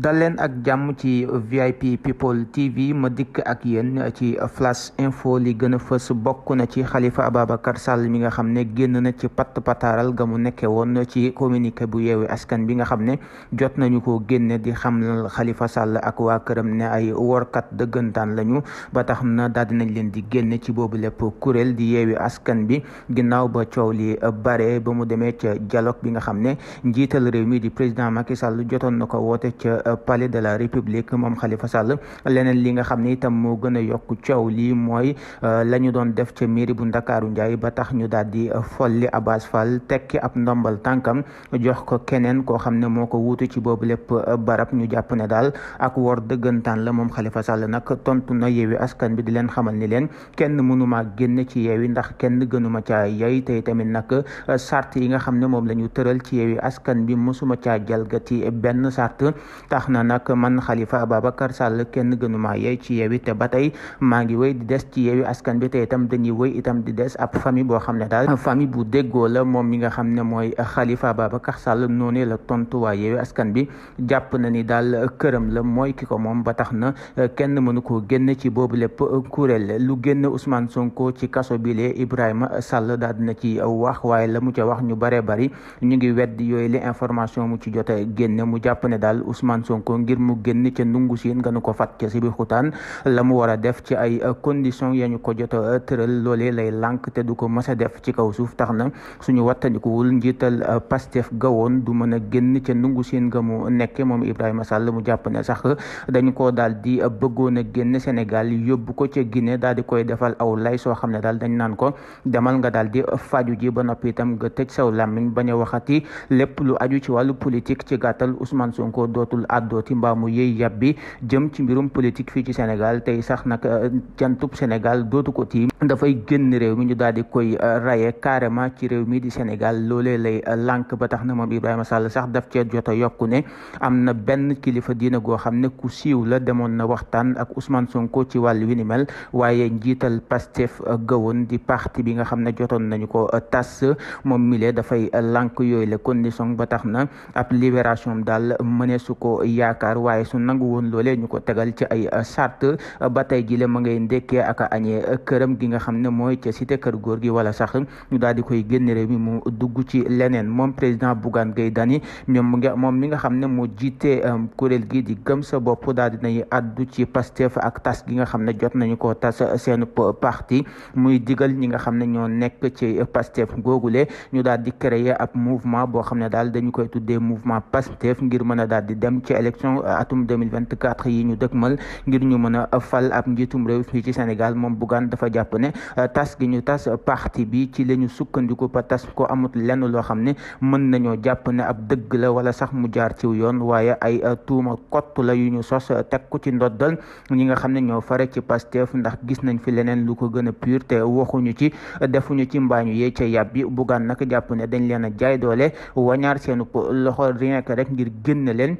dal leen ak jàmm ci VIP People TV ma dikk ak yenn ci flash info li gën a fës bokk na ci xalifa Ababacar Sall mi nga xam ne génn na ci pat pataaral ga mu nekke woon ci communiqué bu yeewi askan bi nga xam ne jot nañu ko génne di xamlal xalifa Sall ak waa këram ne ay workat dëggantaan lañu ba tax na daal dinañ leen di génne ci boobu lépp kuréel di yeewi askan bi ginnaaw ba coow li bare ba mu demee ca dialogue bi nga xam ne njiital réew mii di président Macky Sall jotoon palais de la république moom Khalifa Sall leneen li nga xam ne itam moo gën a yokk coow lii mooy euh, la ñu doon def ca mairie bu Ndakaaru Njaay ba tax ñu daal di euh, folli Abass Fall tekki ab ndombal tànkam jox ko keneen koo xam ne moo ko wuutu ci boobu lépp euh, barab ñu jàpp ne daal ak wor dëggantaan la moom Khalifa Sall nag tontu na yeewi askan bi di leen xamal ni leen kenn mënuma génn ci yeewi ndax kenn gënuma caa yey tey tamit nag sart yi nga xam ne moom la ñu tëral ci yeewi askan bi mosuma caa jalgati tax na nag man Khalifa Ababacar Sall kenn gënuma yeey ci yeewi te ba tey maa ngi wéy di des ci yeewi askan bi te itam dañuy wéy itam di des ab famille boo xam ne daal famille bu déggoo la moom mi nga xam ne mooy Khalifa Ababacar Sall noonee la tontu waa yeewi askan bi jàpp na ni daal këram la mooy ki ko moom ba tax na kenn mënu koo génn ci boobu lépp kuréel lu génn Ousmane Sonko ci kaso bile Ibrahima Sall daal dina ci wax waaye la mu ca wax ñu bare bari ñu ngi wedd yooyu li information mu ci jot a mu jàpp ne daal Ousmane Sonko ngir mu génn ca ndungu siin nga nu ko fat ca Sébikotane la mu war a def ci ay conditions ya ñu ko jot a tëral loolee lay lànk te du ko mës def ci kaw suuf tax na suñu wattandikuwul njiital euh, Pastef gawoon du mën a génn ca ndungu siin nga mu nekk moom Ibrahima Sall mu jàpp ne sax dañ ko daal di euh, bëggoon a génn Sénégal yóbbu ko ca Guinée daal koy defal aw lay soo xam ne daal dañ naan ko demal nga daal di faju ji ba noppi nga tëj saw làmmiñ bañ a addooti mbaa mu yëy jëm ci mbirum politique fii ci Sénégal tey sax nag euh, jantub Sénégal dootu ko tiim dafay génn réew mi ñu daal di koy euh, raye carrément ci réew mi di Sénégal loolee lay euh, lànk ba tax na moom Ibrahima Sall sax daf cee jot yokku ne am na benn kilifa diina goo xam ne ku siiw la demoon na waxtaan ak Ousmane Sonko ci wàll wi ni waaye njiital Pastef gawoon di parti bi nga xam ne jotoon nañu ko tas moom milee dafay lànk yooyu la condition ba tax na ab libération daal mëneesu yaakaar waaye su nangu woon loolee ñu ko tegal ci ay sart ba tey jile ma ngay ndekkee ak añee këram gi nga xam ne mooy ca cité kër góor gi wala sax ñu daal di koy génn réew mi mu dugg ci leneen moom président Bougane Gueye Dany ñoom nga moom mi nga xam ne moo jiite um, kuréel gi di gëm sa bopp daal di nay addu ci Pastef ak tas gi nga xam ne jot nañu ko tas seen parti muy digal ñi nga xam ne ñoo nekk ci Pastef googule ñu koy tuddee mouvement Pastef ngir mën a daal dem ci élection euh, atum 2024 yi ñu dëkkmal ngir ñu mën a fal ab njiitum réew fii ci Sénégal moom Bougane dafa jàpp euh, tas gi ñu tas parti bi ci la ñu sukkandiku ba tas ko amut lenn loo xam ne mën nañoo jàpp ne ab dëgg la wala sax mu jaar ciw yoon waaye ay euh, tuuma kott la yu ñu sos teg ko ci ndoddal ñi nga xam ne ñoo fare ci Pastef ndax gis nañ fi leneen lu ko gën a pur waxuñu ci defuñu ci mbaañu yee ca yàb bi jàpp ne dañ leen a jaay rek ngir génn leen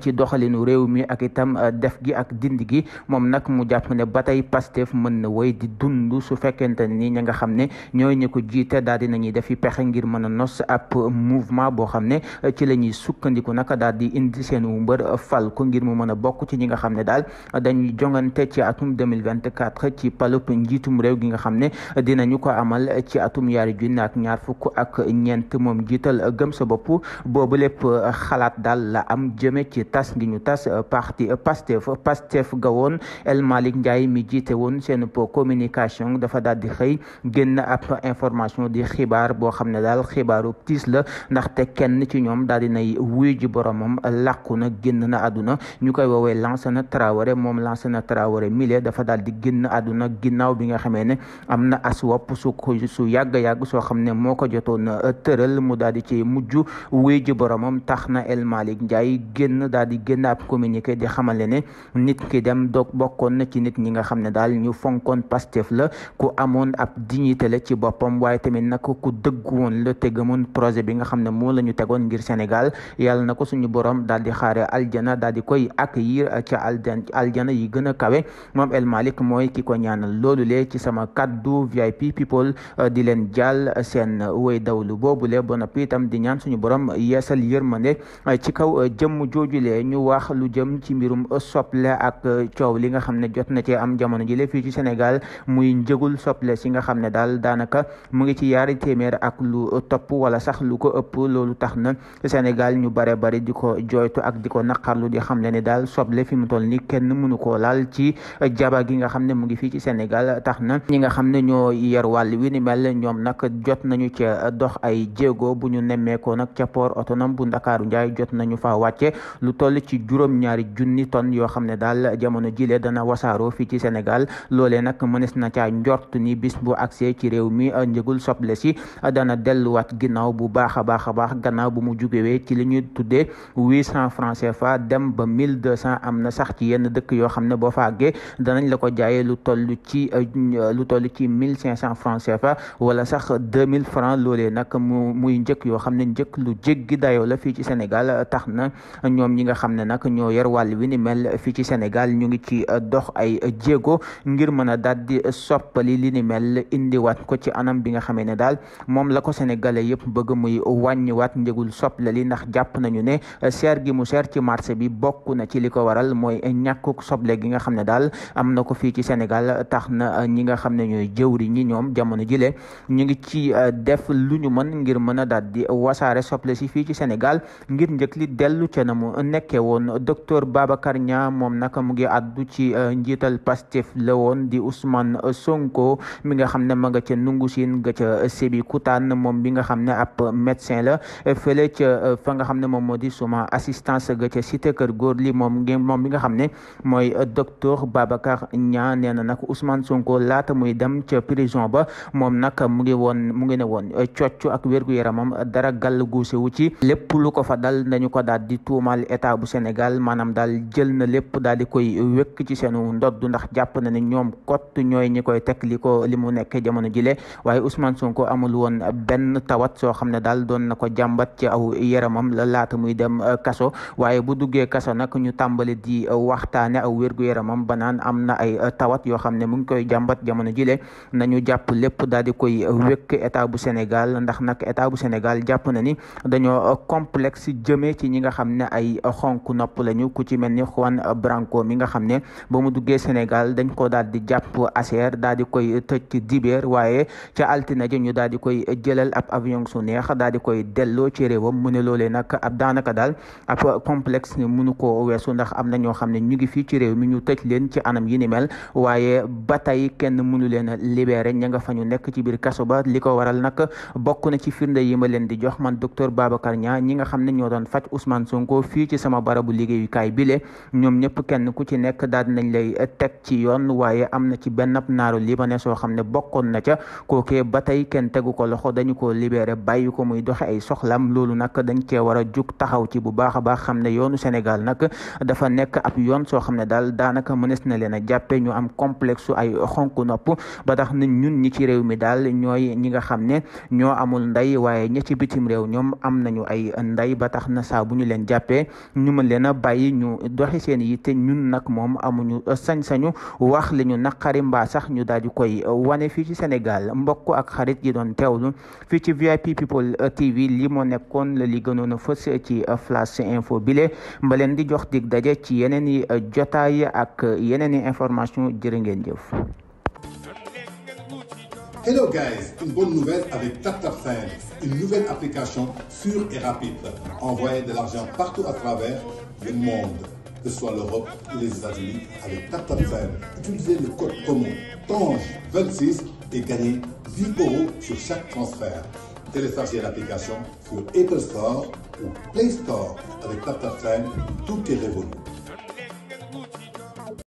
ci doxalinu réew mi ak itam euh, def gi ak dindi gi moom nag mu jàpp ne ba tey Pastef mën na woy di dund su fekkente ni ña nga xam ne ñooy ñu ko jiite daal di def yi pexe ngir mën a nos ab mouvement boo xam ne euh, ci la ñuy sukkandiku nag daal di indi seen mbër fal ko ngir mu mën a bokk ci ñi nga xam ne daal dañuy jongante ci atum 2024 ci palop njiitum réew gi nga xam ne dinañu ko amal ci atum yaari junne ak ñaar fukk ak ñeent moom jiital gëm sa bopp boobu lépp xalaat ci tas gi ñu tas parti pastef pastef ga El malik Ndiaye mi won sen po communication dafa dal di xëy génn ab information di xibar bo xamne dal xibaru tis la ndax te kenn ci ñom dal di nay wuy ji boromam làkku na génn na aduna ñukay wowe lance na Traoré lance na Traoré mile dafa dal di génn aduna ginnaw bi nga xamé ne amna as wop su ko su yag yag so xamne moko moo ko mu dal di ci muju wuy ji boromam tax El malik Ndiaye génn ñu daal di génn communiqué di xamale ne nit ki dem doog bokkoon na ci nit ñi nga xam ne daal ñu fonkoon Pastef la ku amoon ab dignité la ci boppam waaye tamit nag ku dëgg woon la te projet bi nga xam ne moo la ñu tegoon ngir Sénégal yàlla na ko suñu borom daal di xaare aljana daal di koy accueillir ci aljana yi gën a kawe moom El malik mooy ki ko ñaanal loolu le ci sama kaddu VIP people di leen jàll seen way dawlu le ba noppi itam di ñaan suñu borom yeesal yërmande ci kaw jëmm jooju jile ñu wax lu jëm ci mbirum soble ak coow li nga xam ne jot na cee am jamono jile fii ci Sénégal muy njëgul soble si nga xam ne daal daanaka mu ngi ci yaari téeméer ak lu topp wala sax lu ko ëpp loolu tax na Sénégal ñu bare bari di ko jooytu ak di ko naqarlu di xam ne ni daal soble fi mu toll ni kenn mënu koo laal ci jaba gi nga xam ne mu ngi fii ci Sénégal tax na ñi nga xam ne ñoo yer wàll wi ni mel ñoom nag jot nañu ca dox ay jéego bu ñu nemmeekoo nag ca port autonome bu Ndakaaru Njaay jot nañu fa wàcce lu toll ci juróom-ñaari junni tonnes yoo xam ne daal jamono jile dana wasaaroo fii ci Sénégal loolee nag mënees na caa njort ni bis bu agsee ci réew mi euh, njëgul soble si euh, dana delluwaat ginnaaw bu baax a baax a baax gannaaw bu mu jugewee ci li ñuy tuddee huit cent francs fa dem ba mille deux cent am na sax ci yenn dëkk yoo xam ne boo fa danañ la ko jaayee lu toll ci euh, lu toll ci mille cinq cent francs fa wala sax deux mille francs loole nag mu muy njëkk yoo xam ne njëkk lu jéggi dayoo la fii ci Sénégal ñoom ñi nga xam ne nag ñoo yor wàll wi ni mel fii ci Sénégal ñu ngi ci dox ay jéego ngir mën a daal di soppali li ni mel indiwaat ko ci anam bi nga xamee ne daal moom la ko sénégalais yëpp bëgg muy wàññiwaat njëgul soble li ndax jàpp nañu ne seer gi mu seer ci marché bi bokk na ci li ko waral mooy ñàkkuk soble gi nga xam ne daal am na ko fii ci Sénégal tax na ñi nga xam ne ñooy jëwri ñi ñoom jamono jile ñu ngi ci euh, def lu mën ngir mën a daal di fii ci Sénégal li dellu ca na mu nekke woon docteur Babacar Niang moom nag mu ngi àddu ci euh, njiital Pastef la woon di Ousmane euh, Sonko mi nga xam ne ma nga ca nungu siin nga ca euh, Sébikotane moom bi nga xam ne ab médecin la fële ca fa nga xam ne moom moo di suma assistance ga ca cité kër góor li moom ngi moom bi nga xam ne mooy docteur Babacar ñaa nee na nag Ousmane Sonko laata muy dem ca prison ba moom nag mu ngi woon mu ngi ne woon cocc ak wér-gu-yaramam dara gàll guusewu ci lépp fa dal nañu ko di tuumal daal état bu Sénégal maanaam daal jël na lépp daal di koy wékk ci seenu ndodd ndax jàpp na ne ñoom kott ñooy ñi koy teg li ko li mu nekk jamono jile waaye Ousmane Sonko amul woon benn tawat soo xam ne daal doon na ko jàmbat ci aw yaramam la laata muy dem euh, kaso waaye bu duggee kaso nag ñu tàmbali di euh, waxtaane aw wérgu yaramam banaan am na ay euh, tawat yoo xam ne mu ngi koy jàmbat jamono jile nañu jàpp lépp daal di koy wékk état bu Sénégal ndax nag état bu Sénégal jàpp na ni ay xonk nopp lañu ku ci mel ni Juan Branco mi nga xam ne ba mu duggee Sénégal dañ ko daal di jàpp ACR daal di koy tëj ci dibeer waaye ca altine ji ñu daal di koy jëlal ab avion su neex daal di koy delloo ci réewam mu ne loolee nag ab daanaka daal ab complexe mënu ko weesu ndax am na ñoo xam ne ñu ngi fii ci réew mi ñu tëj leen ci anam yi ni mel waaye ba tey kenn mënu leen a libéré ña nga fa ñu nekk ci biir kaso ba li ko waral nag bokk na ci firnde yi ma leen di jox man docteur fii ci sama barabu liggéeyukaay bile ñoom ñëpp kenn ku ci nekk daal nañ lay teg ci yoon waaye am na ci benn naaru libanais soo xam ne bokkoon na ca kookee ba tey kenn tegu ko loxo dañu ko libéré bàyyi ko muy doxe ay soxlam loolu nag dañ cee war a jug taxaw ci bu baax a baax xam ne yoonu Sénégal nag dafa nekk ab yoon soo xam ne daal daanaka mënees na leen a jàppe ñu am complexe ay xonk nopp ba tax na ñun ñi ci réew mi daal ñooy ñi nga xam ne ñoo amul ndey waaye ña ci bitim réew ñoom am nañu ay ndey ba tax leen jàppee ñu mën leen a bàyyi ñu doxi seen yi te ñun nag moom amu ñu sañ-sañu wax li ñu naqari mbaa sax ñu daal di koy wane fii ci Sénégal mbokk ak xarit yi doon teewlu fii ci VIP People TV li moo nekkoon la li gënoon a ci flash info bile mba leen di jox dig daje ci yeneen i jotaay ak yeneen i information jërë ngeen jëf. une nouvelle application sûre et rapide. Envoyer de l'argent partout à travers le monde, que ce soit l'Europe ou les États-Unis, avec TapTapSend. Utilisez le code commun TANGE26 et gagnez 10 euros sur chaque transfert. Téléchargez l'application sur Apple Store ou Play Store avec TapTapSend. Tout est révolu.